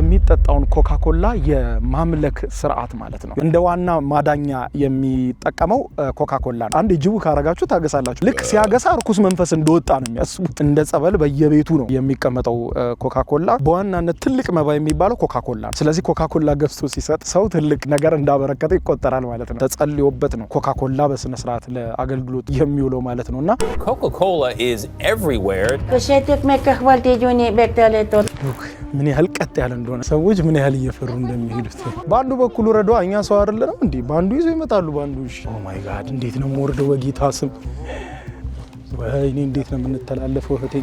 የሚጠጣውን ኮካኮላ የማምለክ ስርዓት ማለት ነው። እንደ ዋና ማዳኛ የሚጠቀመው ኮካኮላ ነው። አንድ ጅቡ ካረጋችሁ ታገሳላችሁ። ልክ ሲያገሳ እርኩስ መንፈስ እንደወጣ ነው የሚያስቡት። እንደ ጸበል በየቤቱ ነው የሚቀመጠው ኮካኮላ። በዋናነት ትልቅ መባ የሚባለው ኮካኮላ ነው። ስለዚህ ኮካኮላ ገዝቶ ሲሰጥ ሰው ትልቅ ነገር እንዳበረከተ ይቆጠራል ማለት ነው። ተጸልዮበት ነው ኮካኮላ በስነስርዓት ለአገልግሎት የሚውለው ማለት ነው እና ምን ያህል ቀጥ ያለ እንደሆነ ሰዎች ምን ያህል እየፈሩ እንደሚሄዱት በአንዱ በኩል ረዷ እኛ ሰው አይደለንም እንዴ? በአንዱ ይዘው ይመጣሉ። በአንዱ ማይ ጋድ oh እንዴት ነው የምወርደው? በጌታ ስም ወይኔ እንዴት ነው የምንተላለፈው እህቴ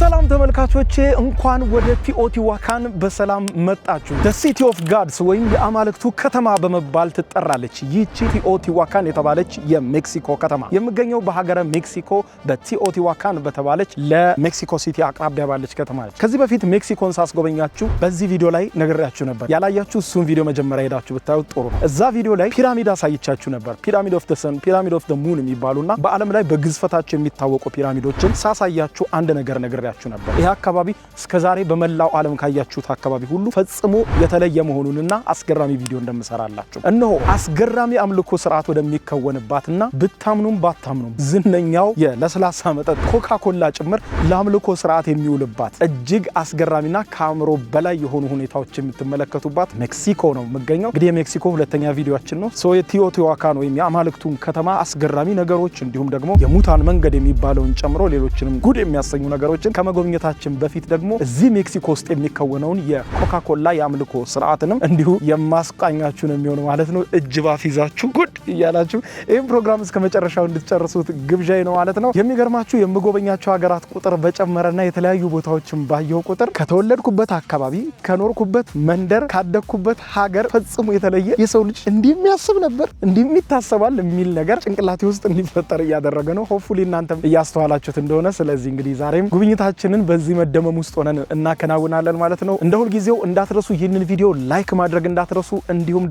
ሰላም ተመልካቾቼ እንኳን ወደ ቲኦቲዋካን በሰላም መጣችሁ። ደ ሲቲ ኦፍ ጋድስ ወይም የአማልክቱ ከተማ በመባል ትጠራለች። ይቺ ቲኦቲዋካን የተባለች የሜክሲኮ ከተማ የምገኘው በሀገረ ሜክሲኮ በቲኦቲዋካን በተባለች ለሜክሲኮ ሲቲ አቅራቢያ ባለች ከተማ ነች። ከዚህ በፊት ሜክሲኮን ሳስጎበኛችሁ በዚህ ቪዲዮ ላይ ነግሬያችሁ ነበር። ያላያችሁ እሱን ቪዲዮ መጀመሪያ ሄዳችሁ ብታዩት ጥሩ ነው። እዛ ቪዲዮ ላይ ፒራሚድ አሳይቻችሁ ነበር። ፒራሚድ ኦፍ ደ ሰን፣ ፒራሚድ ኦፍ ደ ሙን የሚባሉና በዓለም ላይ በግዝፈታቸው የሚታወቁ ፒራሚዶችን ሳሳያችሁ አንድ ነገር ነግሬያችሁ አካባቢያችሁ ነበር። ይህ አካባቢ እስከዛሬ በመላው ዓለም ካያችሁት አካባቢ ሁሉ ፈጽሞ የተለየ መሆኑንና አስገራሚ ቪዲዮ እንደምሰራላችሁ እነሆ አስገራሚ አምልኮ ስርዓት ወደሚከወንባትና ብታምኑም ባታምኑም ዝነኛው የለስላሳ መጠጥ ኮካኮላ ጭምር ለአምልኮ ስርዓት የሚውልባት እጅግ አስገራሚና ከአእምሮ በላይ የሆኑ ሁኔታዎች የምትመለከቱባት ሜክሲኮ ነው የምገኘው። እንግዲህ የሜክሲኮ ሁለተኛ ቪዲዮችን ነው ሰው የቲዮቲዋካን ወይም የአማልክቱን ከተማ አስገራሚ ነገሮች እንዲሁም ደግሞ የሙታን መንገድ የሚባለውን ጨምሮ ሌሎችንም ጉድ የሚያሰኙ ነገሮችን ከመጎብኘታችን በፊት ደግሞ እዚህ ሜክሲኮ ውስጥ የሚከወነውን የኮካኮላ የአምልኮ ስርዓትንም እንዲሁ የማስቃኛችሁ ነው የሚሆነው ማለት ነው። እጅ ባፍ ይዛችሁ ጉድ እያላችሁ ይህም ፕሮግራም እስከ መጨረሻው እንድትጨርሱት ግብዣይ ነው ማለት ነው። የሚገርማችሁ የምጎበኛቸው ሀገራት ቁጥር በጨመረና የተለያዩ ቦታዎችን ባየው ቁጥር ከተወለድኩበት አካባቢ ከኖርኩበት መንደር ካደግኩበት ሀገር ፈጽሞ የተለየ የሰው ልጅ እንዲህ የሚያስብ ነበር እንዲህ የሚታሰባል የሚል ነገር ጭንቅላቴ ውስጥ እንዲፈጠር እያደረገ ነው። ሆፉሊ እናንተም እያስተዋላችሁት እንደሆነ ስለዚህ እንግዲህ ዛሬም ጉብኝታ ቆይታችንን በዚህ መደመም ውስጥ ሆነን እናከናውናለን ማለት ነው። እንደ ሁልጊዜው እንዳትረሱ ይህንን ቪዲዮ ላይክ ማድረግ እንዳትረሱ። እንዲሁም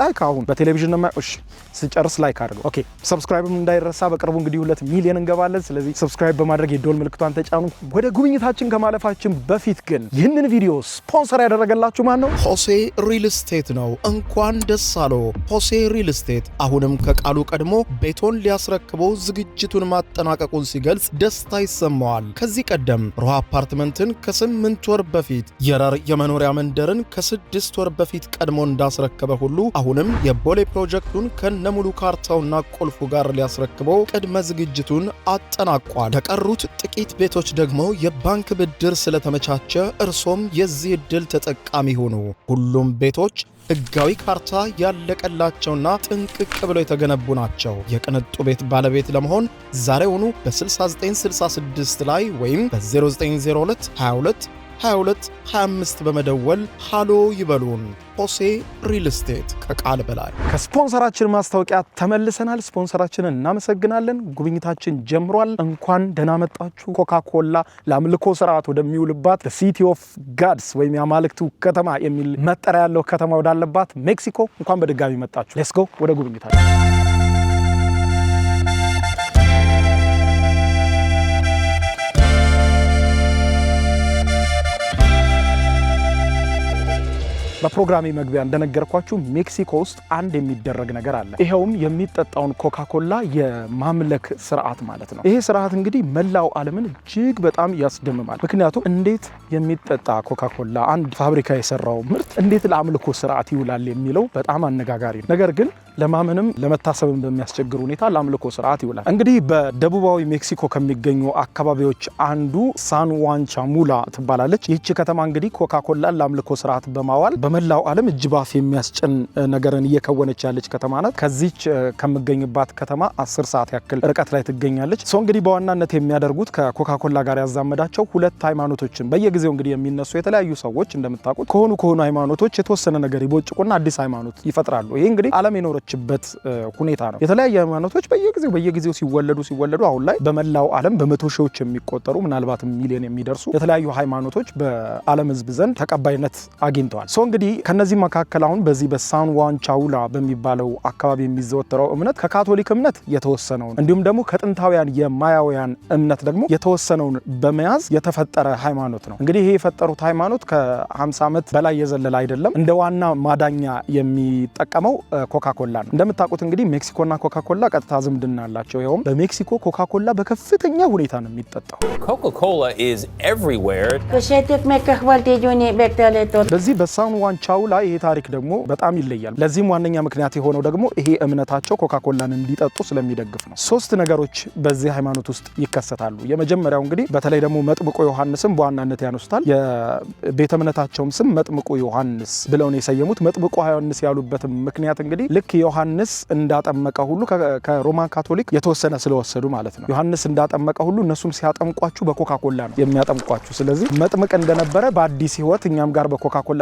ላይክ አሁን በቴሌቪዥን ማ ስጨርስ ላይክ አድርገው። ኦኬ ሰብስክራይብም እንዳይረሳ። በቅርቡ እንግዲህ ሁለት ሚሊዮን እንገባለን። ስለዚህ ሰብስክራይብ በማድረግ የደወል ምልክቷን ተጫኑ። ወደ ጉብኝታችን ከማለፋችን በፊት ግን ይህንን ቪዲዮ ስፖንሰር ያደረገላችሁ ማን ነው? ሆሴ ሪል ስቴት ነው። እንኳን ደስ አለው ሆሴ ሪል ስቴት አሁንም ከቃሉ ቀድሞ ቤቶን ሊያስረክበው ዝግጅቱን ማጠናቀቁን ሲገልጽ ደስታ ይሰማዋል። ከዚህ ቀደም ሮሃ አፓርትመንትን ከስምንት ወር በፊት የረር የመኖሪያ መንደርን ከስድስት ወር በፊት ቀድሞ እንዳስረከበ ሁሉ አሁንም የቦሌ ፕሮጀክቱን ከነሙሉ ካርታውና ቁልፉ ጋር ሊያስረክበው ቅድመ ዝግጅቱን አጠናቋል። ለቀሩት ጥቂት ቤቶች ደግሞ የባንክ ብድር ስለተመቻቸ እርሶም የዚህ ዕድል ተጠቃሚ ሆኑ። ሁሉም ቤቶች ህጋዊ ካርታ ያለቀላቸውና ጥንቅቅ ብለው የተገነቡ ናቸው። የቅንጡ ቤት ባለቤት ለመሆን ዛሬውኑ በ6966 ላይ ወይም በ0902 22 2225 በመደወል ሃሎ ይበሉን። ሆሴ ሪል ስቴት ከቃል በላይ ከስፖንሰራችን ማስታወቂያ ተመልሰናል። ስፖንሰራችንን እናመሰግናለን። ጉብኝታችን ጀምሯል። እንኳን ደህና መጣችሁ። ኮካ ኮላ ለአምልኮ ስርዓት ወደሚውልባት ሲቲ ኦፍ ጋድስ ወይም የአማልክቱ ከተማ የሚል መጠሪያ ያለው ከተማ ወዳለባት ሜክሲኮ እንኳን በድጋሚ መጣችሁ። ሌስጎ ወደ ጉብኝታችን በፕሮግራሜ መግቢያ እንደነገርኳችሁ ሜክሲኮ ውስጥ አንድ የሚደረግ ነገር አለ። ይኸውም የሚጠጣውን ኮካኮላ የማምለክ ስርዓት ማለት ነው። ይሄ ስርዓት እንግዲህ መላው ዓለምን እጅግ በጣም ያስደምማል። ምክንያቱም እንዴት የሚጠጣ ኮካኮላ አንድ ፋብሪካ የሰራው ምርት እንዴት ለአምልኮ ስርዓት ይውላል የሚለው በጣም አነጋጋሪ ነው። ነገር ግን ለማመንም ለመታሰብም በሚያስቸግር ሁኔታ ለአምልኮ ስርዓት ይውላል። እንግዲህ በደቡባዊ ሜክሲኮ ከሚገኙ አካባቢዎች አንዱ ሳን ዋንቻ ሙላ ትባላለች። ይህቺ ከተማ እንግዲህ ኮካኮላን ለአምልኮ ስርዓት በማዋል በመላው ዓለም እጅ ባፍ የሚያስጭን ነገርን እየከወነች ያለች ከተማ ናት። ከዚች ከምገኝባት ከተማ አስር ሰዓት ያክል ርቀት ላይ ትገኛለች። ሰው እንግዲህ በዋናነት የሚያደርጉት ከኮካኮላ ጋር ያዛመዳቸው ሁለት ሃይማኖቶችን በየጊዜው እንግዲህ የሚነሱ የተለያዩ ሰዎች እንደምታውቁት ከሆኑ ከሆኑ ሃይማኖቶች የተወሰነ ነገር ይቦጭቁና አዲስ ሃይማኖት ይፈጥራሉ። ይህ እንግዲህ ዓለም የኖረ የምንኖችበት ሁኔታ ነው። የተለያዩ ሃይማኖቶች በየጊዜው በየጊዜው ሲወለዱ ሲወለዱ አሁን ላይ በመላው ዓለም በመቶ ሺዎች የሚቆጠሩ ምናልባትም ሚሊዮን የሚደርሱ የተለያዩ ሃይማኖቶች በዓለም ሕዝብ ዘንድ ተቀባይነት አግኝተዋል። ሶ እንግዲህ ከነዚህ መካከል አሁን በዚህ በሳን ዋን ቻውላ በሚባለው አካባቢ የሚዘወተረው እምነት ከካቶሊክ እምነት የተወሰነውን እንዲሁም ደግሞ ከጥንታውያን የማያውያን እምነት ደግሞ የተወሰነውን በመያዝ የተፈጠረ ሃይማኖት ነው። እንግዲህ ይሄ የፈጠሩት ሃይማኖት ከ50 ዓመት በላይ የዘለለ አይደለም። እንደ ዋና ማዳኛ የሚጠቀመው ኮካኮላ ኮካኮላ ነው። እንደምታውቁት እንግዲህ ሜክሲኮና ኮካኮላ ቀጥታ ዝምድና አላቸው። ይኸውም በሜክሲኮ ኮካኮላ በከፍተኛ ሁኔታ ነው የሚጠጣው። በዚህ በሳን ዋን ላይ ይሄ ታሪክ ደግሞ በጣም ይለያል። ለዚህም ዋነኛ ምክንያት የሆነው ደግሞ ይሄ እምነታቸው ኮካኮላን እንዲጠጡ ስለሚደግፍ ነው። ሶስት ነገሮች በዚህ ሃይማኖት ውስጥ ይከሰታሉ። የመጀመሪያው እንግዲህ በተለይ ደግሞ መጥምቆ ዮሐንስም በዋናነት ያነሱታል። የቤተ እምነታቸውም ስም መጥምቁ ዮሐንስ ብለው ነው የሰየሙት። መጥምቁ ዮሐንስ ያሉበትም ምክንያት እንግዲህ ልክ ዮሐንስ እንዳጠመቀ ሁሉ ከሮማን ካቶሊክ የተወሰነ ስለወሰዱ ማለት ነው። ዮሐንስ እንዳጠመቀ ሁሉ እነሱም ሲያጠምቋችሁ በኮካኮላ ነው የሚያጠምቋችሁ። ስለዚህ መጥምቅ እንደነበረ በአዲስ ህይወት እኛም ጋር በኮካኮላ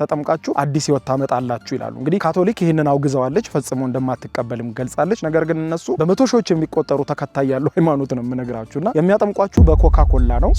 ተጠምቃችሁ አዲስ ህይወት ታመጣላችሁ ይላሉ። እንግዲህ ካቶሊክ ይህንን አውግዘዋለች፣ ፈጽሞ እንደማትቀበልም ገልጻለች። ነገር ግን እነሱ በመቶ ሺዎች የሚቆጠሩ ተከታይ ያለው ሃይማኖት ነው የምነግራችሁና የሚያጠምቋችሁ በኮካኮላ ነው።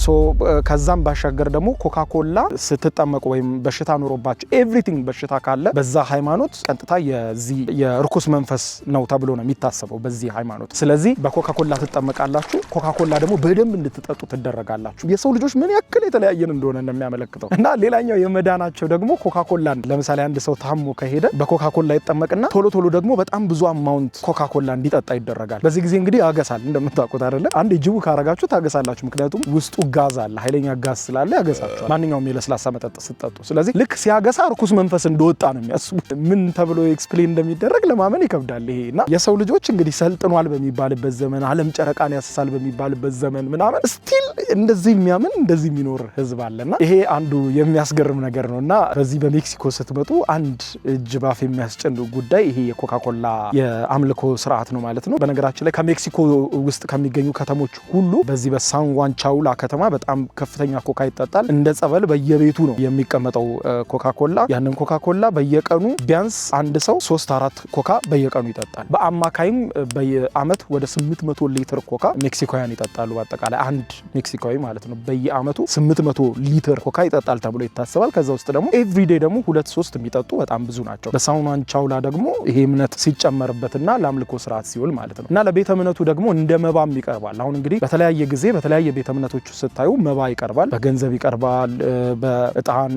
ከዛም ባሻገር ደግሞ ኮካኮላ ስትጠመቁ ወይም በሽታ ኑሮባቸው ኤቭሪቲንግ በሽታ ካለ በዛ ሃይማኖት ቀጥታ የዚህ የርኩስ መንፈስ ነው ተብሎ ነው የሚታሰበው በዚህ ሃይማኖት። ስለዚህ በኮካኮላ ትጠመቃላችሁ። ኮካኮላ ደግሞ በደንብ እንድትጠጡ ትደረጋላችሁ። የሰው ልጆች ምን ያክል የተለያየን እንደሆነ እንደሚያመለክተው እና ሌላኛው የመዳናቸው ደግሞ ኮካኮላን ለምሳሌ አንድ ሰው ታሞ ከሄደ በኮካኮላ ይጠመቅና ቶሎ ቶሎ ደግሞ በጣም ብዙ አማውንት ኮካኮላ እንዲጠጣ ይደረጋል። በዚህ ጊዜ እንግዲህ ያገሳል እንደምታውቁት አይደለም። አንድ ጅቡ ካረጋችሁ ታገሳላችሁ። ምክንያቱም ውስጡ ጋዝ አለ፣ ኃይለኛ ጋዝ ስላለ ያገሳችኋል። ማንኛውም የለስላሳ መጠጥ ስጠጡ። ስለዚህ ልክ ሲያገሳ ርኩስ መንፈስ እንደወጣ ነው የሚያስቡት። ምን ተብሎ ኤክስፕሌን እንደሚደረግ ሲደረግ ለማመን ይከብዳል። ይሄ እና የሰው ልጆች እንግዲህ ሰልጥኗል በሚባልበት ዘመን ዓለም ጨረቃን ያሰሳል በሚባልበት ዘመን ምናምን ስቲል እንደዚህ የሚያምን እንደዚህ የሚኖር ህዝብ አለና ይሄ አንዱ የሚያስገርም ነገር ነው። እና በዚህ በሜክሲኮ ስትመጡ አንድ እጅ ባፍ የሚያስጨንቅ ጉዳይ ይሄ የኮካኮላ የአምልኮ ስርዓት ነው ማለት ነው። በነገራችን ላይ ከሜክሲኮ ውስጥ ከሚገኙ ከተሞች ሁሉ በዚህ በሳን ዋን ቻውላ ከተማ በጣም ከፍተኛ ኮካ ይጠጣል። እንደ ጸበል በየቤቱ ነው የሚቀመጠው ኮካኮላ። ያንን ኮካኮላ በየቀኑ ቢያንስ አንድ ሰው ሶስት አራት ኮካ በየቀኑ ይጠጣል። በአማካይም በየአመት ወደ 800 ሊትር ኮካ ሜክሲካውያን ይጠጣሉ። በአጠቃላይ አንድ ሜክሲካዊ ማለት ነው በየአመቱ 800 ሊትር ኮካ ይጠጣል ተብሎ ይታሰባል። ከዛ ውስጥ ደግሞ ኤቭሪዴ ደግሞ ሁለት ሶስት የሚጠጡ በጣም ብዙ ናቸው። በሳውናን ቻውላ ደግሞ ይሄ እምነት ሲጨመርበትና ለአምልኮ ስርዓት ሲውል ማለት ነው እና ለቤተ እምነቱ ደግሞ እንደ መባም ይቀርባል። አሁን እንግዲህ በተለያየ ጊዜ በተለያየ ቤተ እምነቶች ስታዩ መባ ይቀርባል፣ በገንዘብ ይቀርባል፣ በእጣን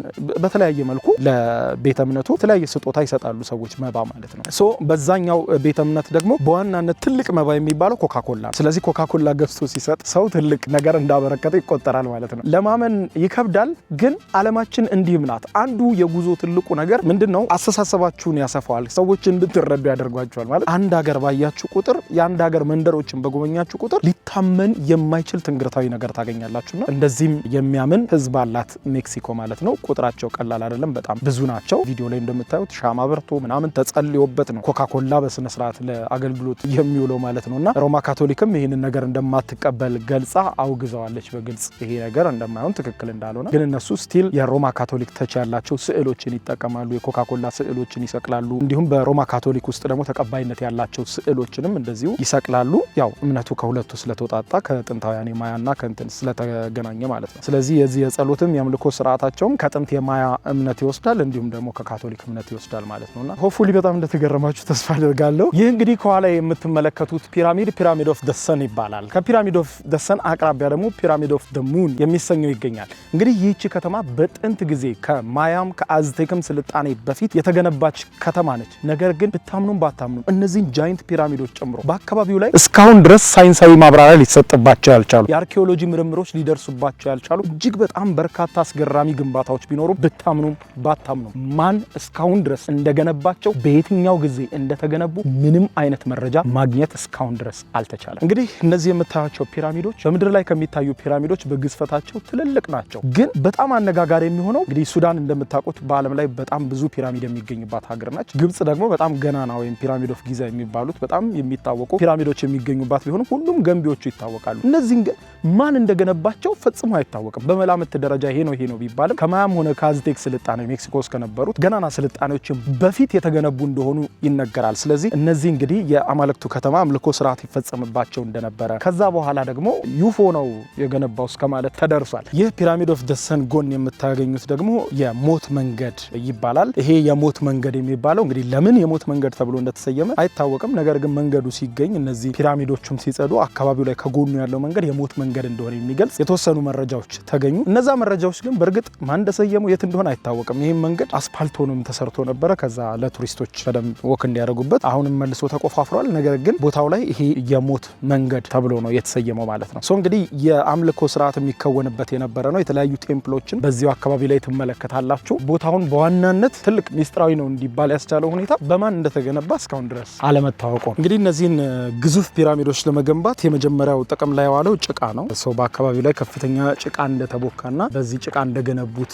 በተለያየ መልኩ ለቤተ እምነቱ የተለያየ ስጦታ ይሰጣሉ ሰዎች መባ ማለት ነው። ሶ በዛኛው ቤተ እምነት ደግሞ በዋናነት ትልቅ መባ የሚባለው ኮካኮላ ነው። ስለዚህ ኮካኮላ ገዝቶ ሲሰጥ ሰው ትልቅ ነገር እንዳበረከተ ይቆጠራል ማለት ነው። ለማመን ይከብዳል፣ ግን አለማችን እንዲህም ናት። አንዱ የጉዞ ትልቁ ነገር ምንድን ነው? አስተሳሰባችሁን ያሰፋዋል፣ ሰዎች እንድትረዱ ያደርጓቸዋል። ማለት አንድ ሀገር ባያችሁ ቁጥር የአንድ ሀገር መንደሮችን በጎበኛችሁ ቁጥር ሊታመን የማይችል ትንግርታዊ ነገር ታገኛላችሁና እንደዚህም የሚያምን ህዝብ አላት ሜክሲኮ ማለት ነው። ቁጥራቸው ቀላል አይደለም፣ በጣም ብዙ ናቸው። ቪዲዮ ላይ እንደምታዩት ሻማ በርቶ ምናምን ተጸልዮበት የሚደርስበት ነው ኮካኮላ በስነ ስርዓት ለአገልግሎት የሚውለው ማለት ነው እና ሮማ ካቶሊክም ይህንን ነገር እንደማትቀበል ገልጻ አውግዘዋለች በግልጽ ይሄ ነገር እንደማይሆን ትክክል እንዳልሆነ ግን እነሱ ስቲል የሮማ ካቶሊክ ተች ያላቸው ስዕሎችን ይጠቀማሉ የኮካኮላ ስዕሎችን ይሰቅላሉ እንዲሁም በሮማ ካቶሊክ ውስጥ ደግሞ ተቀባይነት ያላቸው ስዕሎችንም እንደዚሁ ይሰቅላሉ ያው እምነቱ ከሁለቱ ስለተውጣጣ ከጥንታውያን የማያና ከንትን ስለተገናኘ ማለት ነው ስለዚህ የዚህ የጸሎትም የአምልኮ ስርዓታቸውም ከጥንት የማያ እምነት ይወስዳል እንዲሁም ደግሞ ከካቶሊክ እምነት ይወስዳል ማለት ነውና ሆፉሊ በጣም እንደተገ እንደገረማችሁ ተስፋ አድርጋለሁ። ይህ እንግዲህ ከኋላ የምትመለከቱት ፒራሚድ ፒራሚድ ኦፍ ደሰን ይባላል። ከፒራሚድ ኦፍ ደሰን አቅራቢያ ደግሞ ፒራሚድ ኦፍ ደሙን የሚሰኘው ይገኛል። እንግዲህ ይህቺ ከተማ በጥንት ጊዜ ከማያም ከአዝቴክም ስልጣኔ በፊት የተገነባች ከተማ ነች። ነገር ግን ብታምኑም ባታምኑም እነዚህን ጃይንት ፒራሚዶች ጨምሮ በአካባቢው ላይ እስካሁን ድረስ ሳይንሳዊ ማብራሪያ ሊሰጥባቸው ያልቻሉ የአርኪኦሎጂ ምርምሮች ሊደርሱባቸው ያልቻሉ እጅግ በጣም በርካታ አስገራሚ ግንባታዎች ቢኖሩ ብታምኑም ባታምኑም ማን እስካሁን ድረስ እንደገነባቸው በየትኛው በዛው ጊዜ እንደተገነቡ ምንም አይነት መረጃ ማግኘት እስካሁን ድረስ አልተቻለም። እንግዲህ እነዚህ የምታያቸው ፒራሚዶች በምድር ላይ ከሚታዩ ፒራሚዶች በግዝፈታቸው ትልልቅ ናቸው። ግን በጣም አነጋጋሪ የሚሆነው እንግዲህ ሱዳን እንደምታውቁት በዓለም ላይ በጣም ብዙ ፒራሚድ የሚገኝባት ሀገር ናች። ግብጽ ደግሞ በጣም ገናና ወይም ፒራሚድ ኦፍ ጊዛ የሚባሉት በጣም የሚታወቁ ፒራሚዶች የሚገኙባት ቢሆንም ሁሉም ገንቢዎቹ ይታወቃሉ። እነዚህን ግን ማን እንደገነባቸው ፈጽሞ አይታወቅም። በመላምት ደረጃ ይሄ ነው ይሄ ነው ቢባልም ከማያም ሆነ ከአዝቴክ ስልጣኔ ሜክሲኮ ውስጥ ከነበሩት ገናና ስልጣኔዎችም በፊት የተገነቡ እንደሆኑ ይነገራል። ስለዚህ እነዚህ እንግዲህ የአማልክቱ ከተማ አምልኮ ስርዓት ይፈጸምባቸው እንደነበረ ከዛ በኋላ ደግሞ ዩፎ ነው የገነባው እስከ ማለት ተደርሷል። ይህ ፒራሚድ ኦፍ ደሰን ጎን የምታገኙት ደግሞ የሞት መንገድ ይባላል። ይሄ የሞት መንገድ የሚባለው እንግዲህ ለምን የሞት መንገድ ተብሎ እንደተሰየመ አይታወቅም። ነገር ግን መንገዱ ሲገኝ እነዚህ ፒራሚዶቹም ሲጸዱ አካባቢው ላይ ከጎኑ ያለው መንገድ የሞት መንገድ እንደሆነ የሚገልጽ የተወሰኑ መረጃዎች ተገኙ። እነዛ መረጃዎች ግን በእርግጥ ማን እንደሰየሙ የት እንደሆነ አይታወቅም። ይህም መንገድ አስፓልት ሆኖም ተሰርቶ ነበረ። ከዛ ለቱሪስቶች በደንብ ወክ እንዲያደርጉበት አሁንም መልሶ ተቆፋፍሯል። ነገር ግን ቦታው ላይ ይሄ የሞት መንገድ ተብሎ ነው የተሰየመው ማለት ነው። ሶ እንግዲህ የአምልኮ ስርዓት የሚከወንበት የነበረ ነው። የተለያዩ ቴምፕሎችን በዚሁ አካባቢ ላይ ትመለከታላችሁ። ቦታውን በዋናነት ትልቅ ሚስጥራዊ ነው እንዲባል ያስቻለው ሁኔታ በማን እንደተገነባ እስካሁን ድረስ አለመታወቁ። እንግዲህ እነዚህን ግዙፍ ፒራሚዶች ለመገንባት የመጀመሪያው ጥቅም ላይ የዋለው ጭቃ ነው። ሰው በአካባቢው ላይ ከፍተኛ ጭቃ እንደተቦካና በዚህ ጭቃ እንደገነቡት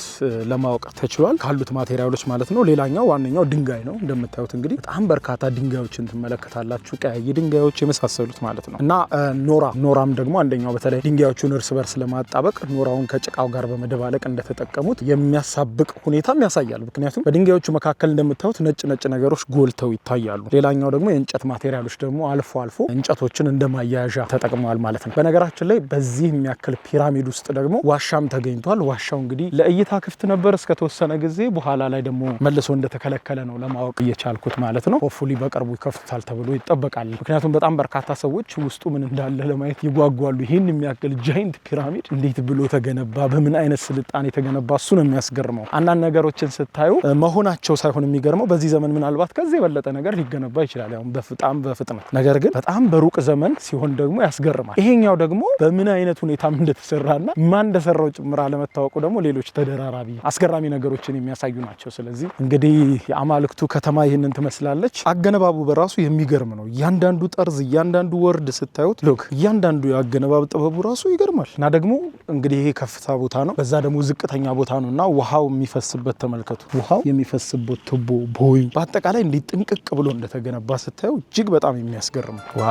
ለማወቅ ተችሏል ካሉት ማቴሪያሎች ማለት ነው። ሌላኛው ዋነኛው ድንጋይ ነው እንደምታዩት እንግዲህ እንግዲህ በጣም በርካታ ድንጋዮችን ትመለከታላችሁ፣ ቀያይ ድንጋዮች የመሳሰሉት ማለት ነው እና ኖራ ኖራም ደግሞ አንደኛው በተለይ ድንጋዮቹን እርስ በርስ ለማጣበቅ ኖራውን ከጭቃው ጋር በመደባለቅ እንደተጠቀሙት የሚያሳብቅ ሁኔታም ያሳያል። ምክንያቱም በድንጋዮቹ መካከል እንደምታዩት ነጭ ነጭ ነገሮች ጎልተው ይታያሉ። ሌላኛው ደግሞ የእንጨት ማቴሪያሎች ደግሞ አልፎ አልፎ እንጨቶችን እንደ ማያያዣ ተጠቅመዋል ማለት ነው። በነገራችን ላይ በዚህ የሚያክል ፒራሚድ ውስጥ ደግሞ ዋሻም ተገኝቷል። ዋሻው እንግዲህ ለእይታ ክፍት ነበር እስከተወሰነ ጊዜ፣ በኋላ ላይ ደግሞ መልሶ እንደተከለከለ ነው ለማወቅ እየቻልኩት ማለት ነው። ሆፉሊ በቅርቡ ይከፍቱታል ተብሎ ይጠበቃል። ምክንያቱም በጣም በርካታ ሰዎች ውስጡ ምን እንዳለ ለማየት ይጓጓሉ። ይህን የሚያክል ጃይንት ፒራሚድ እንዴት ብሎ ተገነባ፣ በምን አይነት ስልጣኔ የተገነባ እሱ ነው የሚያስገርመው። አንዳንድ ነገሮችን ስታዩ መሆናቸው ሳይሆን የሚገርመው በዚህ ዘመን ምናልባት ከዚህ የበለጠ ነገር ሊገነባ ይችላል፣ ያው በጣም በፍጥነት ነገር ግን በጣም በሩቅ ዘመን ሲሆን ደግሞ ያስገርማል። ይሄኛው ደግሞ በምን አይነት ሁኔታም እንደተሰራና ማን እንደሰራው ጭምር አለመታወቁ ደግሞ ሌሎች ተደራራቢ አስገራሚ ነገሮችን የሚያሳዩ ናቸው። ስለዚህ እንግዲህ የአማልክቱ ከተማ ይህንን ትመስላለች። አገነባቡ በራሱ የሚገርም ነው። እያንዳንዱ ጠርዝ፣ እያንዳንዱ ወርድ ስታዩት ሎክ እያንዳንዱ የአገነባብ ጥበቡ ራሱ ይገርማል። እና ደግሞ እንግዲህ ይሄ ከፍታ ቦታ ነው፣ በዛ ደግሞ ዝቅተኛ ቦታ ነው እና ውሃው የሚፈስበት ተመልከቱ። ውሃው የሚፈስበት ቱቦ ቦይ በአጠቃላይ እንዲህ ጥንቅቅ ብሎ እንደተገነባ ስታዩ እጅግ በጣም የሚያስገርም ዋ።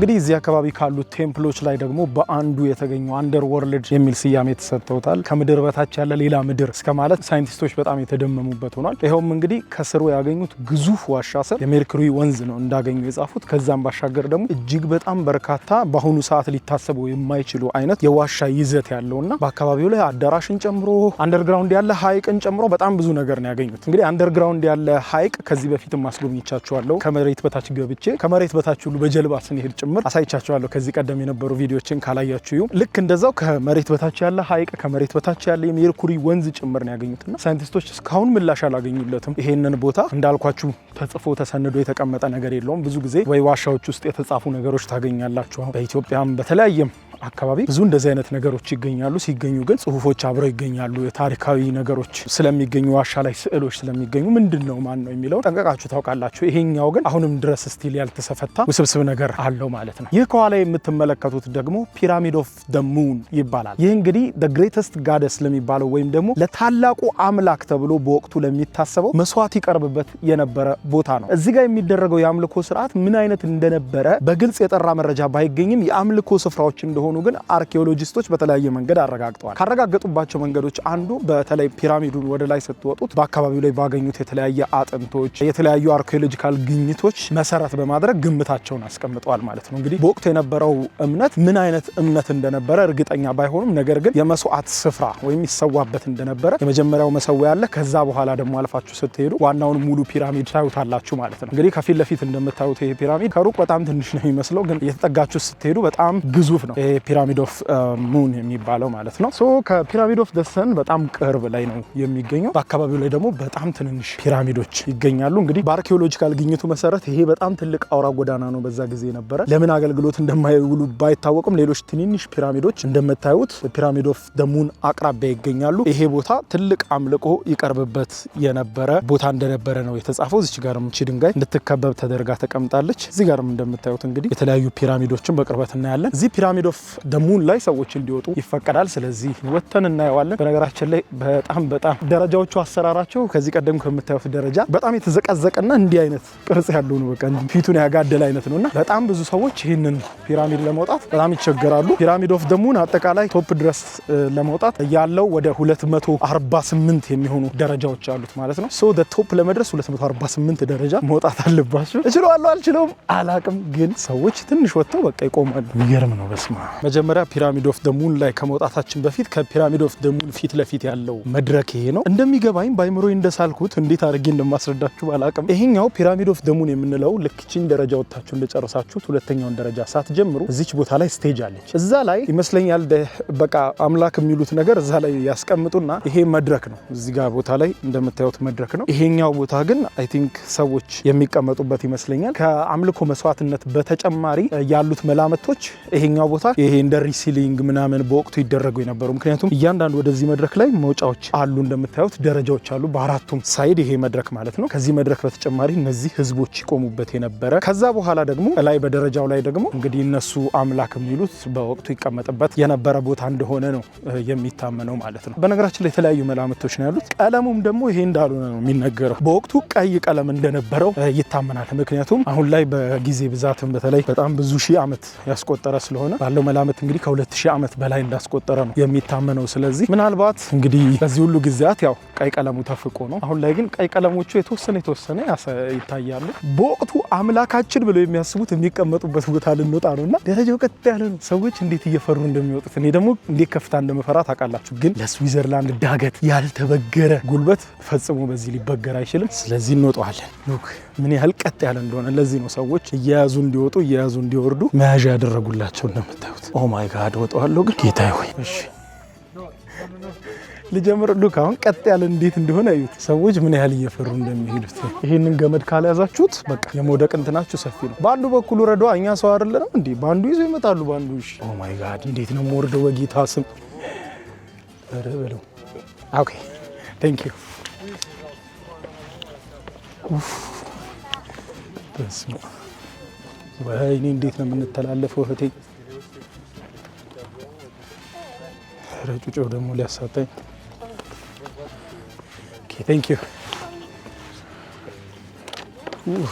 እንግዲህ እዚህ አካባቢ ካሉት ቴምፕሎች ላይ ደግሞ በአንዱ የተገኘው አንደር ወርልድ የሚል ስያሜ ተሰጥተውታል። ከምድር በታች ያለ ሌላ ምድር እስከ ማለት ሳይንቲስቶች በጣም የተደመሙበት ሆኗል። ይኸውም እንግዲህ ከስሩ ያገኙት ግዙፍ ዋሻ ስር የሜርኩሪ ወንዝ ነው እንዳገኙ የጻፉት። ከዛም ባሻገር ደግሞ እጅግ በጣም በርካታ በአሁኑ ሰዓት ሊታሰቡ የማይችሉ አይነት የዋሻ ይዘት ያለውና በአካባቢው ላይ አዳራሽን ጨምሮ አንደርግራውንድ ያለ ሀይቅን ጨምሮ በጣም ብዙ ነገር ነው ያገኙት። እንግዲህ አንደርግራውንድ ያለ ሀይቅ ከዚህ በፊት ማስጎብኝቻችኋለሁ። ከመሬት በታች ገብቼ ከመሬት በታች ሁሉ በጀልባ ስንሄድ ጭምር አሳይቻችኋለሁ። ከዚህ ቀደም የነበሩ ቪዲዮችን ካላያችሁ ልክ እንደዛው ከመሬት በታች ያለ ሀይቅ ከመሬት በታች ያለ የሜርኩሪ ወንዝ ጭምር ነው ያገኙትና ሳይንቲስቶች እስካሁን ምላሽ አላገኙለትም። ይሄንን ቦታ እንዳልኳችሁ ተጽፎ ተሰንዶ የተቀመጠ ነገር የለውም። ብዙ ጊዜ ወይ ዋሻዎች ውስጥ የተጻፉ ነገሮች ታገኛላችሁ። በኢትዮጵያም በተለያየም አካባቢ ብዙ እንደዚህ አይነት ነገሮች ይገኛሉ። ሲገኙ ግን ጽሁፎች አብረው ይገኛሉ። የታሪካዊ ነገሮች ስለሚገኙ፣ ዋሻ ላይ ስዕሎች ስለሚገኙ ምንድን ነው ማን ነው የሚለውን ጠንቀቃችሁ ታውቃላችሁ። ይሄኛው ግን አሁንም ድረስ ስቲል ያልተሰፈታ ውስብስብ ነገር አለው ማለት ነው። ይህ ከኋላ የምትመለከቱት ደግሞ ፒራሚድ ኦፍ ደ ሙን ይባላል። ይህ እንግዲህ ደ ግሬተስት ጋደስ ለሚባለው ወይም ደግሞ ለታላቁ አምላክ ተብሎ በወቅቱ ለሚታሰበው መስዋዕት ይቀርብበት የነበረ ቦታ ነው። እዚህ ጋር የሚደረገው የአምልኮ ስርዓት ምን አይነት እንደነበረ በግልጽ የጠራ መረጃ ባይገኝም የአምልኮ ስፍራዎች እንደሆኑ መሆኑ ግን አርኪኦሎጂስቶች በተለያየ መንገድ አረጋግጠዋል። ካረጋገጡባቸው መንገዶች አንዱ በተለይ ፒራሚዱን ወደ ላይ ስትወጡት በአካባቢው ላይ ባገኙት የተለያየ አጥንቶች፣ የተለያዩ አርኪኦሎጂካል ግኝቶች መሰረት በማድረግ ግምታቸውን አስቀምጠዋል ማለት ነው። እንግዲህ በወቅቱ የነበረው እምነት ምን አይነት እምነት እንደነበረ እርግጠኛ ባይሆኑም ነገር ግን የመስዋዕት ስፍራ ወይም ይሰዋበት እንደነበረ የመጀመሪያው መሰዊያ አለ። ከዛ በኋላ ደግሞ አልፋችሁ ስትሄዱ ዋናውን ሙሉ ፒራሚድ ታዩታላችሁ ማለት ነው። እንግዲህ ከፊት ለፊት እንደምታዩት ይሄ ፒራሚድ ከሩቅ በጣም ትንሽ ነው የሚመስለው፣ ግን እየተጠጋችሁ ስትሄዱ በጣም ግዙፍ ነው። ይሄ የፒራሚድ ኦፍ ሙን የሚባለው ማለት ነው። ሶ ከፒራሚድ ኦፍ ደሰን በጣም ቅርብ ላይ ነው የሚገኘው። በአካባቢው ላይ ደግሞ በጣም ትንንሽ ፒራሚዶች ይገኛሉ። እንግዲህ በአርኪኦሎጂካል ግኝቱ መሰረት ይሄ በጣም ትልቅ አውራ ጎዳና ነው በዛ ጊዜ ነበረ። ለምን አገልግሎት እንደማይውሉ ባይታወቅም ሌሎች ትንንሽ ፒራሚዶች እንደምታዩት ፒራሚድ ኦፍ ደሙን አቅራቢያ ይገኛሉ። ይሄ ቦታ ትልቅ አምልኮ ይቀርብበት የነበረ ቦታ እንደነበረ ነው የተጻፈው። እዚች ጋርም እቺ ድንጋይ እንድትከበብ ተደርጋ ተቀምጣለች። እዚህ ጋርም እንደምታዩት እንግዲህ የተለያዩ ፒራሚዶችን በቅርበት እናያለን። እዚህ ፒራሚድ ኦፍ ደሙን ላይ ሰዎች እንዲወጡ ይፈቀዳል። ስለዚህ ወተን እናየዋለን። በነገራችን ላይ በጣም በጣም ደረጃዎቹ አሰራራቸው ከዚህ ቀደም ከምታዩት ደረጃ በጣም የተዘቀዘቀና እንዲህ አይነት ቅርጽ ያለው ነው። በቃ ፊቱን ያጋደል አይነት ነው እና በጣም ብዙ ሰዎች ይህንን ፒራሚድ ለመውጣት በጣም ይቸገራሉ። ፒራሚድ ኦፍ ደሙን አጠቃላይ ቶፕ ድረስ ለመውጣት ያለው ወደ 248 የሚሆኑ ደረጃዎች አሉት ማለት ነው። ሶ ቶፕ ለመድረስ 248 ደረጃ መውጣት አለባቸው። እችለዋለሁ አልችለውም አላቅም፣ ግን ሰዎች ትንሽ ወጥተው በቃ ይቆማሉ። የሚገርም ነው። በስማ መጀመሪያ ፒራሚድ ኦፍ ደሙን ላይ ከመውጣታችን በፊት ከፒራሚድ ኦፍ ደሙን ፊት ለፊት ያለው መድረክ ይሄ ነው። እንደሚገባኝ ባይምሮ እንደሳልኩት እንዴት አድርጌ እንደማስረዳችሁ አላቅም ይሄኛው ፒራሚድ ኦፍ ደሙን የምንለው ልክችን ደረጃ ወጥታችሁ እንደጨረሳችሁት ሁለተኛውን ደረጃ ሳትጀምሩ እዚች ቦታ ላይ ስቴጅ አለች። እዛ ላይ ይመስለኛል በቃ አምላክ የሚሉት ነገር እዛ ላይ ያስቀምጡና ይሄ መድረክ ነው። እዚ ጋር ቦታ ላይ እንደምታዩት መድረክ ነው። ይሄኛው ቦታ ግን አይ ቲንክ ሰዎች የሚቀመጡበት ይመስለኛል። ከአምልኮ መስዋዕትነት በተጨማሪ ያሉት መላመቶች ይሄኛው ቦታ ይሄ እንደ ሪሲሊንግ ምናምን በወቅቱ ይደረጉ የነበሩ ምክንያቱም እያንዳንዱ ወደዚህ መድረክ ላይ መውጫዎች አሉ። እንደምታዩት ደረጃዎች አሉ፣ በአራቱም ሳይድ ይሄ መድረክ ማለት ነው። ከዚህ መድረክ በተጨማሪ እነዚህ ህዝቦች ይቆሙበት የነበረ ከዛ በኋላ ደግሞ ላይ በደረጃው ላይ ደግሞ እንግዲህ እነሱ አምላክ የሚሉት በወቅቱ ይቀመጥበት የነበረ ቦታ እንደሆነ ነው የሚታመነው ማለት ነው። በነገራችን ላይ የተለያዩ መላምቶች ነው ያሉት። ቀለሙም ደግሞ ይሄ እንዳልሆነ ነው የሚነገረው። በወቅቱ ቀይ ቀለም እንደነበረው ይታመናል። ምክንያቱም አሁን ላይ በጊዜ ብዛትም በተለይ በጣም ብዙ ሺህ ዓመት ያስቆጠረ ስለሆነ ባለው መላመት እንግዲህ ከ2000 ዓመት በላይ እንዳስቆጠረ ነው የሚታመነው። ስለዚህ ምናልባት እንግዲህ በዚህ ሁሉ ጊዜያት ያው ቀይ ቀለሙ ተፍቆ ነው። አሁን ላይ ግን ቀይ ቀለሞቹ የተወሰነ የተወሰነ ይታያሉ። በወቅቱ አምላካችን ብለው የሚያስቡት የሚቀመጡበት ቦታ ልንወጣ ነው እና ደረጃው ቀጥ ያለ ነው። ሰዎች እንዴት እየፈሩ እንደሚወጡት እኔ ደግሞ እንዴት ከፍታ እንደመፈራ ታውቃላችሁ። ግን ለስዊዘርላንድ ዳገት ያልተበገረ ጉልበት ፈጽሞ በዚህ ሊበገር አይችልም። ስለዚህ እንወጠዋለን። ሉክ ምን ያህል ቀጥ ያለ እንደሆነ ለዚህ ነው ሰዎች እየያዙ እንዲወጡ እየያዙ እንዲወርዱ መያዣ ያደረጉላቸው እንደምታዩት። ኦ ማይ ጋድ ወጠዋለሁ። ግን ጌታ ይሆይ እሺ ልጀምር ሉክ አሁን ቀጥ ያለ እንዴት እንደሆነ እዩት። ሰዎች ምን ያህል እየፈሩ እንደሚሄዱት ይህንን ገመድ ካልያዛችሁት በቃ የመውደቅ እንትናችሁ ሰፊ ነው። በአንዱ በኩል ረዷ እኛ ሰው አይደለንም እንዴ? በአንዱ ይዘው ይመጣሉ። በአንዱ እሺ፣ ኦ ማይ ጋድ እንዴት ነው የምወርደው? በጌታ ስም በለው። ኦኬ ቴንክ ዩ። ወይኔ እንዴት ነው የምንተላለፈው እህቴ። ረጩጮው ደግሞ ሊያሳጣኝ Thank you. Ooh.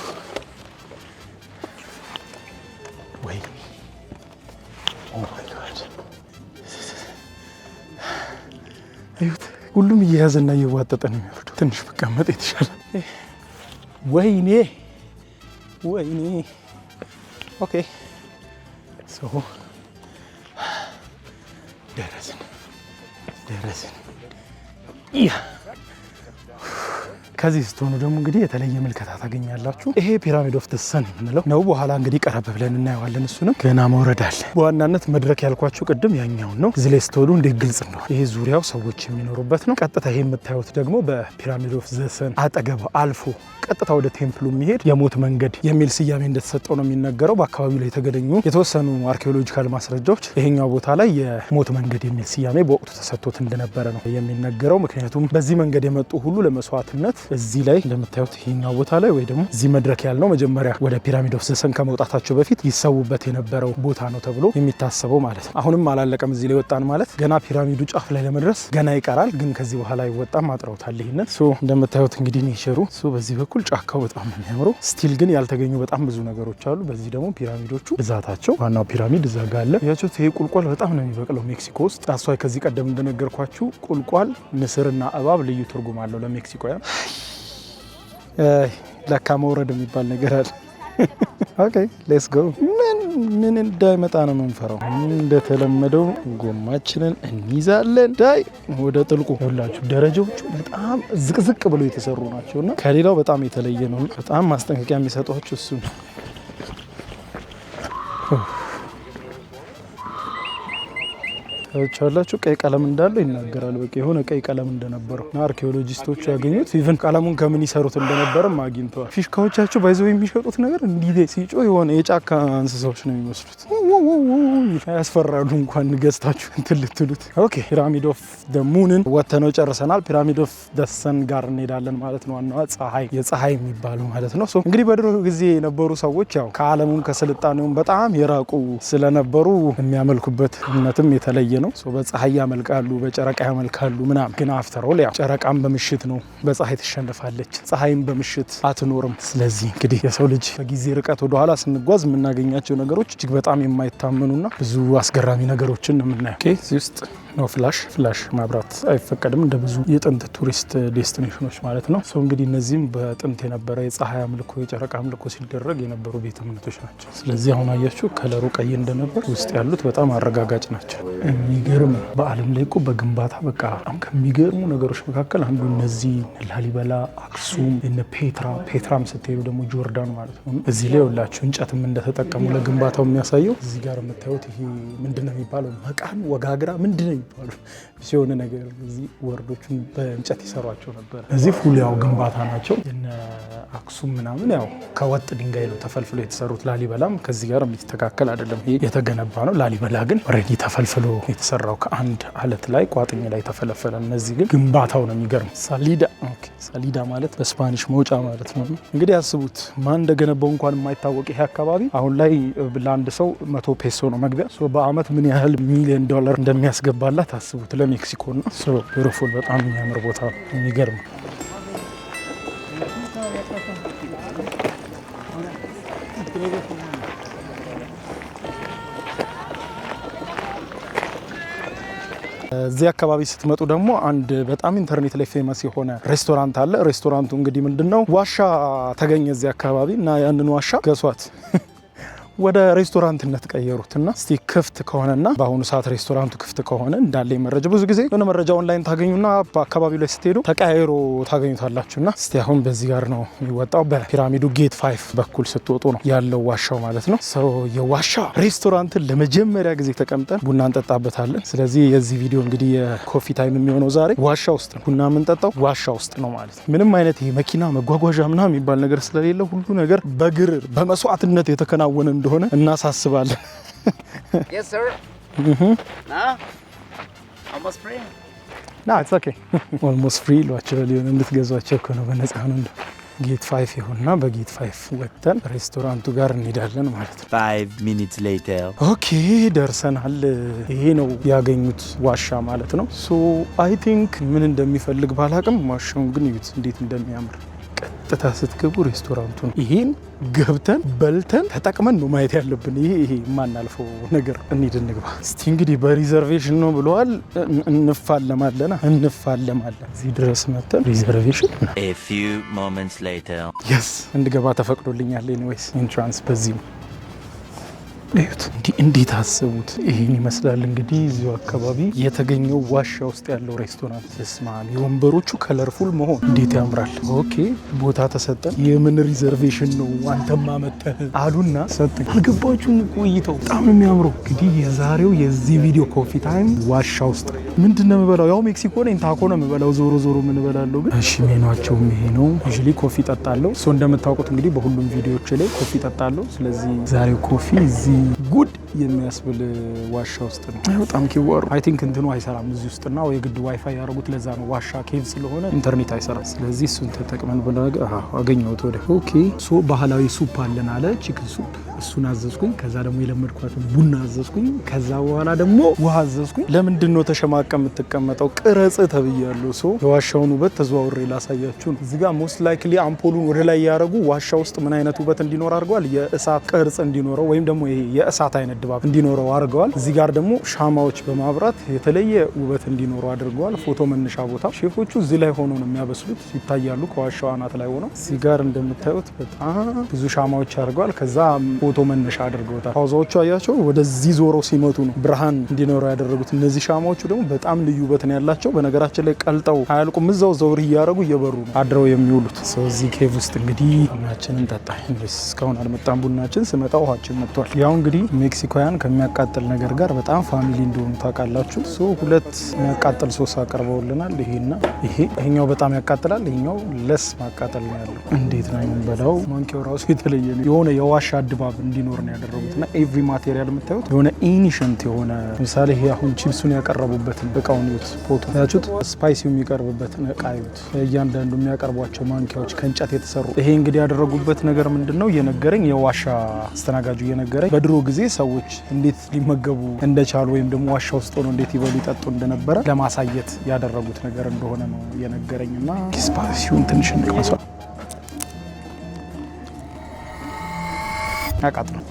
Wait. Oh my God. እዩት። ሁሉም እየያዘና እየዋጠጠ ነው የሚወርደው። ትንሽ መቀመጥ የተሻለ። ወይኔ ወይኔ። ኦኬ ሶ ደረስን ደረስን ያ ከዚህ ስትሆኑ ደግሞ እንግዲህ የተለየ ምልከታ ታገኛላችሁ። ይሄ ፒራሚድ ኦፍ ተሰን የምንለው ነው። በኋላ እንግዲህ ቀረብ ብለን እናየዋለን። እሱንም ገና መውረድ አለ። በዋናነት መድረክ ያልኳችሁ ቅድም ያኛውን ነው። እዚህ ላይ ስትወዱ እንዴት ግልጽ ነው። ይሄ ዙሪያው ሰዎች የሚኖሩበት ነው። ቀጥታ ይሄ የምታዩት ደግሞ በፒራሚድ ኦፍ ዘሰን አጠገብ አልፎ ቀጥታ ወደ ቴምፕሉ የሚሄድ የሞት መንገድ የሚል ስያሜ እንደተሰጠው ነው የሚነገረው። በአካባቢው ላይ የተገኙ የተወሰኑ አርኪኦሎጂካል ማስረጃዎች ይሄኛው ቦታ ላይ የሞት መንገድ የሚል ስያሜ በወቅቱ ተሰጥቶት እንደነበረ ነው የሚነገረው። ምክንያቱም በዚህ መንገድ የመጡ ሁሉ ለመስዋዕትነት እዚህ ላይ እንደምታዩት ይሄኛው ቦታ ላይ ወይ ደግሞ እዚህ መድረክ ያልነው መጀመሪያ ወደ ፒራሚድ ኦፍ ዘሰን ከመውጣታቸው በፊት ይሰውበት የነበረው ቦታ ነው ተብሎ የሚታሰበው ማለት ነው። አሁንም አላለቀም። እዚህ ላይ ወጣን ማለት ገና ፒራሚዱ ጫፍ ላይ ለመድረስ ገና ይቀራል፣ ግን ከዚህ በኋላ ይወጣም አጥረውታል። ይህንን እንደምታዩት እንግዲህ ኔቸሩ በዚህ በኩል ጫካው በጣም ነው ስቲል ግን ያልተገኙ በጣም ብዙ ነገሮች አሉ። በዚህ ደግሞ ፒራሚዶቹ ብዛታቸው ዋናው ፒራሚድ እዛ ጋ አለ ያቸው ይሄ ቁልቋል በጣም ነው የሚበቅለው ሜክሲኮ ውስጥ ታሷይ ከዚህ ቀደም እንደነገርኳችሁ ቁልቋል፣ ንስርና እባብ ልዩ ትርጉም አለው ለሜክሲኮያን ለካ መውረድ የሚባል ነገር አለ። ኦኬ ሌስ ጎ። ምን ምን እንዳይመጣ ነው የምንፈራው። እንደተለመደው ጎማችንን እንይዛለን። ዳይ ወደ ጥልቁ ሁላችሁ። ደረጃዎቹ በጣም ዝቅዝቅ ብሎ የተሰሩ ናቸው እና ከሌላው በጣም የተለየ ነው። በጣም ማስጠንቀቂያ የሚሰጧችሁ እሱ ነው። ታይቻላችሁ። ቀይ ቀለም እንዳለው ይናገራል። በቃ የሆነ ቀይ ቀለም እንደነበረው እና አርኪኦሎጂስቶቹ ያገኙት ኢቨን ቀለሙን ከምን ይሰሩት እንደነበርም አግኝተዋል። ፊሽካዎቻቸው ባይዘው የሚሸጡት ነገር እንዲህ ሲጮ የሆነ የጫካ እንስሳዎች ነው የሚመስሉት። ያስፈራሉ። እንኳን ገዝታችሁ እንትን ልትሉት። ኦኬ ፒራሚድ ኦፍ ደሙንን ወተነው ጨርሰናል። ፒራሚድ ኦፍ ደሰን ጋር እንሄዳለን ማለት ነው። ዋናዋ ፀሐይ የፀሐይ የሚባሉ ማለት ነው። እንግዲህ በድሮ ጊዜ የነበሩ ሰዎች ያው ከአለሙም ከስልጣኔውም በጣም የራቁ ስለነበሩ የሚያመልኩበት እምነትም የተለየ ነው። ነው። በፀሐይ ያመልካሉ፣ በጨረቃ ያመልካሉ ምናምን። ግን አፍተሮል ያው ጨረቃም በምሽት ነው በፀሐይ ትሸንፋለች፣ ፀሐይም በምሽት አትኖርም። ስለዚህ እንግዲህ የሰው ልጅ በጊዜ ርቀት ወደኋላ ስንጓዝ የምናገኛቸው ነገሮች እጅግ በጣም የማይታመኑና ብዙ አስገራሚ ነገሮችን ነው የምናየው እዚህ ውስጥ ነው። ፍላሽ ፍላሽ ማብራት አይፈቀድም እንደ ብዙ የጥንት ቱሪስት ዴስቲኔሽኖች ማለት ነው። ሰው እንግዲህ እነዚህም በጥንት የነበረ የፀሐይ አምልኮ፣ የጨረቃ አምልኮ ሲደረግ የነበሩ ቤተ እምነቶች ናቸው። ስለዚህ አሁን አያችሁ ከለሩ ቀይ እንደነበር ውስጥ ያሉት በጣም አረጋጋጭ ናቸው። የሚገርም በዓለም ላይ እኮ በግንባታ በቃ በጣም ከሚገርሙ ነገሮች መካከል አንዱ እነዚህ ላሊበላ፣ አክሱም፣ እነ ፔትራ ፔትራም ስትሄዱ ደግሞ ጆርዳን ማለት ነው። እዚህ ላይ ሁላችሁ እንጨትም እንደተጠቀሙ ለግንባታው የሚያሳየው እዚህ ጋር የምታዩት ይሄ ምንድነው የሚባለው መቃን ወጋግራ ምንድነኝ የሚባሉ የሆነ ነገር እዚህ ወርዶችን በእንጨት ይሰሯቸው ነበር። እዚህ ፉል ያው ግንባታ ናቸው እነ አክሱም ምናምን ያው ከወጥ ድንጋይ ነው ተፈልፍሎ የተሰሩት። ላሊበላም ከዚህ ጋር የሚተካከል አይደለም፣ ይሄ የተገነባ ነው። ላሊበላ ግን ኦልሬዲ ተፈልፍሎ የተሰራው ከአንድ አለት ላይ ቋጥኝ ላይ ተፈለፈለ። እነዚህ ግን ግንባታው ነው የሚገርም። ሳሊዳ ሳሊዳ ማለት በስፓኒሽ መውጫ ማለት ነው። እንግዲህ ያስቡት ማን እንደገነባው እንኳን የማይታወቅ ይሄ አካባቢ አሁን ላይ ለአንድ ሰው መቶ ፔሶ ነው መግቢያ። በአመት ምን ያህል ሚሊዮን ዶላር እንደሚያስገባ ባላት አስቡት ለሜክሲኮ እና በጣም የሚያምር ቦታ የሚገርም እዚህ አካባቢ ስትመጡ ደግሞ አንድ በጣም ኢንተርኔት ላይ ፌመስ የሆነ ሬስቶራንት አለ። ሬስቶራንቱ እንግዲህ ምንድን ነው ዋሻ ተገኘ እዚህ አካባቢ እና ያንን ዋሻ ገሷት ወደ ሬስቶራንትነት ቀየሩትና እስቲ ክፍት ከሆነና በአሁኑ ሰዓት ሬስቶራንቱ ክፍት ከሆነ እንዳለ መረጃ ብዙ ጊዜ የሆነ መረጃ ኦንላይን ታገኙና በአካባቢው ላይ ስትሄዱ ተቀያይሮ ታገኙታላችሁና እስቲ አሁን በዚህ ጋር ነው የሚወጣው። በፒራሚዱ ጌት ፋይፍ በኩል ስትወጡ ነው ያለው ዋሻው ማለት ነው። ሰው የዋሻ ሬስቶራንትን ለመጀመሪያ ጊዜ ተቀምጠን ቡና እንጠጣበታለን። ስለዚህ የዚህ ቪዲዮ እንግዲህ የኮፊ ታይም የሚሆነው ዛሬ ዋሻ ውስጥ ነው። ቡና የምንጠጣው ዋሻ ውስጥ ነው ማለት ነው። ምንም አይነት የመኪና መኪና መጓጓዣ ምናምን የሚባል ነገር ስለሌለ ሁሉ ነገር በግር በመስዋዕትነት የተከናወነ እንደ እንደሆነ እናሳስባለን። ኦልሞስት ፍሪ ሏቸው ሊሆን እንድትገዟቸው እኮ ነው። በነፃ ነው። እንደ ጌት ፋይፍ ይሁንና በጌት ፋይፍ ወጥተን ሬስቶራንቱ ጋር እንሄዳለን ማለት ነው። ኦኬ ደርሰናል። ይሄ ነው ያገኙት ዋሻ ማለት ነው። ሶ አይ ቲንክ ምን እንደሚፈልግ ባላቅም ዋሻውን ግን እዩት እንዴት እንደሚያምር ቀጥታ ስትገቡ ሬስቶራንቱ ነው። ይሄን ገብተን በልተን ተጠቅመን ነው ማየት ያለብን። ይሄ ይሄ የማናልፈው ነገር። እንሂድ እንግባ እስቲ። እንግዲህ በሪዘርቬሽን ነው ብለዋል። እንፋለማለና እንፋለማለን። እዚህ ድረስ መተን ሪዘርቬሽን የስ እንድገባ ተፈቅዶልኛል። ኤኒዌይስ ኢንትራንስ በዚህ ነው። እዩት እንዴት አሰቡት! ይህን ይመስላል እንግዲህ እዚሁ አካባቢ የተገኘው ዋሻ ውስጥ ያለው ሬስቶራንት። ስማም የወንበሮቹ ከለርፉል መሆን እንዴት ያምራል! ኦኬ ቦታ ተሰጠን። የምን ሪዘርቬሽን ነው አንተማ መጠህ አሉና ሰጠኝ። አልገባችሁም? ቆይተው በጣም የሚያምረው እንግዲህ የዛሬው የዚህ ቪዲዮ ኮፊ ታይም ዋሻ ውስጥ ምንድን ነው የምበላው? ያው ሜክሲኮ ነኝ፣ ታኮ ነው የምበላው። ዞሮ ዞሮ የምንበላለው ግን እሺ፣ ሜኗቸውም ይሄ ነው። ዩዥሊ ኮፊ ጠጣለሁ። እሱ እንደምታውቁት እንግዲህ በሁሉም ቪዲዮዎች ላይ ኮፊ ጠጣለሁ። ስለዚህ ዛሬው ኮፊ እዚህ ጉድ የሚያስብል ዋሻ ውስጥ ነው። በጣም ኪዋሩ አይ ቲንክ እንትኑ አይሰራም እዚህ ውስጥና ወይ ግድ ዋይፋይ ያደረጉት ለዛ ነው። ዋሻ ኬቭ ስለሆነ ኢንተርኔት አይሰራም። ስለዚህ እሱን ተጠቅመን ብናገ አገኘሁት። ወደ ኦኬ ሶ ባህላዊ ሱፕ አለን አለ ቺክን ሱፕ እሱን አዘዝኩኝ። ከዛ ደግሞ የለመድኳትን ቡና አዘዝኩኝ። ከዛ በኋላ ደግሞ ውሃ አዘዝኩኝ። ለምንድን ነው ተሸማቀ የምትቀመጠው ቅረጽ ተብያለሁ። ሶ የዋሻውን ውበት ተዘዋውሬ ላሳያችሁ ነው። እዚጋ ሞስት ላይክሊ አምፖሉን ወደ ላይ ያደረጉ ዋሻ ውስጥ ምን አይነት ውበት እንዲኖር አድርገዋል። የእሳት ቅርጽ እንዲኖረው ወይም ደግሞ ይሄ የእሳት አይነት ድባብ እንዲኖረው አድርገዋል። እዚህ ጋር ደግሞ ሻማዎች በማብራት የተለየ ውበት እንዲኖረው አድርገዋል። ፎቶ መነሻ ቦታ ሼፎቹ እዚህ ላይ ሆኖ ነው የሚያበስሉት፣ ይታያሉ ከዋሻው አናት ላይ ሆነው። እዚህ ጋር እንደምታዩት በጣም ብዙ ሻማዎች አድርገዋል። ከዛ ፎቶ መነሻ አድርገውታል። ፓውዛዎቹ አያቸው ወደዚህ ዞረው ሲመቱ ነው ብርሃን እንዲኖረው ያደረጉት። እነዚህ ሻማዎቹ ደግሞ በጣም ልዩ ውበት ነው ያላቸው። በነገራችን ላይ ቀልጠው አያልቁም። እዛው ዘውር እያደረጉ እየበሩ ነው አድረው የሚውሉት። ሰው እዚህ ኬቭ ውስጥ እንግዲህ ቡናችንን ጠጣ። እስካሁን አልመጣም። ቡናችን ስመጣ ውሃችን መጥቷል። ያሁን እንግዲህ ሜክሲኮያን ከሚያቃጥል ነገር ጋር በጣም ፋሚሊ እንደሆኑ ታውቃላችሁ። ሶ ሁለት የሚያቃጥል ሶስ አቀርበውልናል። ይሄና ይሄ ይሄኛው በጣም ያቃጥላል፣ ይሄኛው ለስ ማቃጠል ነው ያለው። እንዴት ነው የምንበላው? ማንኪያው ራሱ የተለየ ነው። የሆነ የዋሻ ድባብ እንዲኖር ነው ያደረጉት እና ኤቭሪ ማቴሪያል የምታዩት የሆነ ኢኒሽንት የሆነ ለምሳሌ ይሄ አሁን ቺፕሱን ያቀረቡበትን እቃውን ዩት ፎቶ ያችሁት፣ ስፓይሲ የሚቀርብበትን እቃ ዩት፣ እያንዳንዱ የሚያቀርቧቸው ማንኪያዎች ከእንጨት የተሰሩ ይሄ እንግዲህ ያደረጉበት ነገር ምንድን ነው እየነገረኝ የዋሻ አስተናጋጁ እየነገረኝ በድሮ ጊዜ ሰዎች እንዴት ሊመገቡ እንደቻሉ ወይም ደግሞ ዋሻ ውስጥ ሆነው እንዴት ይበሉ ይጠጡ እንደነበረ ለማሳየት ያደረጉት ነገር እንደሆነ ነው የነገረኝ እና ስፓሲውን ትንሽ እንቅመሰ ያቃጥላል።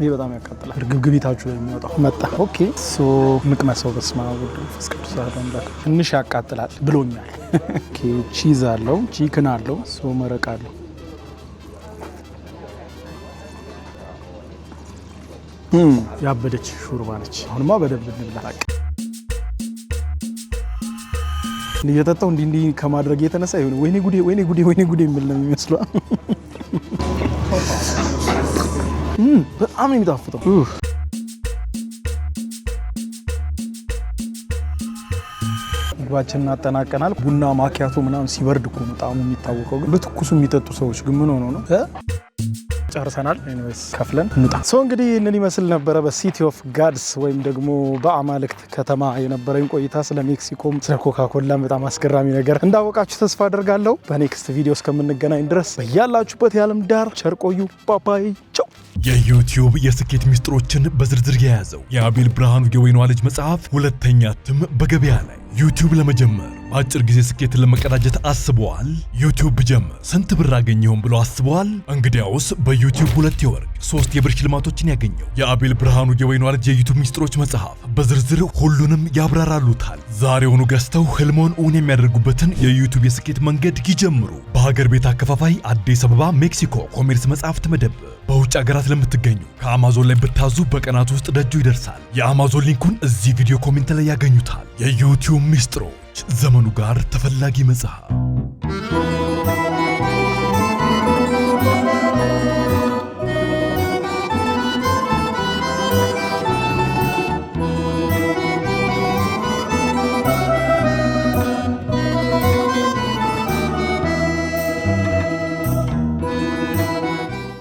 ይህ በጣም ያቃጥላል። እርግብግቢታችሁ ላይ የሚወጣው መጣ። ኦኬ ሶ ምቅመሰው በስመ አብ ወወልድ ወመንፈስ ቅዱስ አሐዱ አምላክ። ትንሽ ያቃጥላል ብሎኛል። ኦኬ ቺዝ አለው፣ ቺክን አለው፣ ሶ መረቅ አለው። ያበደች ሹርባ ነች። አሁንማ በደንብ እንብላ። እየጠጣው እንዲህ እንዲህ ከማድረግ የተነሳ ወይኔ ጉዴ፣ ወይኔ ጉዴ፣ ወይኔ ጉዴ የሚል ነው የሚመስለው። በጣም የሚጣፍጠው። ምግባችንን አጠናቀናል። ቡና ማኪያቶ ምናምን ሲበርድ እኮ ነው ጣዕሙ የሚታወቀው። ግን በትኩሱ የሚጠጡ ሰዎች ግን ምን ሆነው ነው? ጨርሰናል። ኤኒዌይስ ከፍለን እንጣ ሶ እንግዲህ ይህንን ይመስል ነበረ በሲቲ ኦፍ ጋድስ ወይም ደግሞ በአማልክት ከተማ የነበረኝ ቆይታ። ስለ ሜክሲኮም ስለ ኮካኮላ በጣም አስገራሚ ነገር እንዳወቃችሁ ተስፋ አደርጋለሁ። በኔክስት ቪዲዮ እስከምንገናኝ ድረስ በያላችሁበት የዓለም ዳር ቸርቆዩ ባባይ ቸው የዩቲዩብ የስኬት ሚስጥሮችን በዝርዝር የያዘው የአቤል ብርሃኑ የወይኗ ልጅ መጽሐፍ ሁለተኛ እትም በገበያ ላይ ዩቲዩብ ለመጀመር በአጭር ጊዜ ስኬትን ለመቀዳጀት አስበዋል? ዩቲዩብ ብጀምር ስንት ብር አገኘሁም ብሎ አስበዋል? እንግዲያውስ በዩቲዩብ ሁለት የወርቅ ሶስት የብር ሽልማቶችን ያገኘው የአቤል ብርሃኑ የወይኗ ልጅ የዩቲዩብ ሚስጥሮች መጽሐፍ በዝርዝር ሁሉንም ያብራራሉታል። ዛሬውኑ ገዝተው ህልሞን እውን የሚያደርጉበትን የዩቲዩብ የስኬት መንገድ ይጀምሩ። በሀገር ቤት አከፋፋይ አዲስ አበባ ሜክሲኮ ኮሜርስ መጽሐፍት መደብ በውጭ ሀገራት ለምትገኙ ከአማዞን ላይ ብታዙ በቀናት ውስጥ ደጁ ይደርሳል። የአማዞን ሊንኩን እዚህ ቪዲዮ ኮሜንት ላይ ያገኙታል። የዩቲዩብ ሚስጥሮች ዘመኑ ጋር ተፈላጊ መጽሐፍ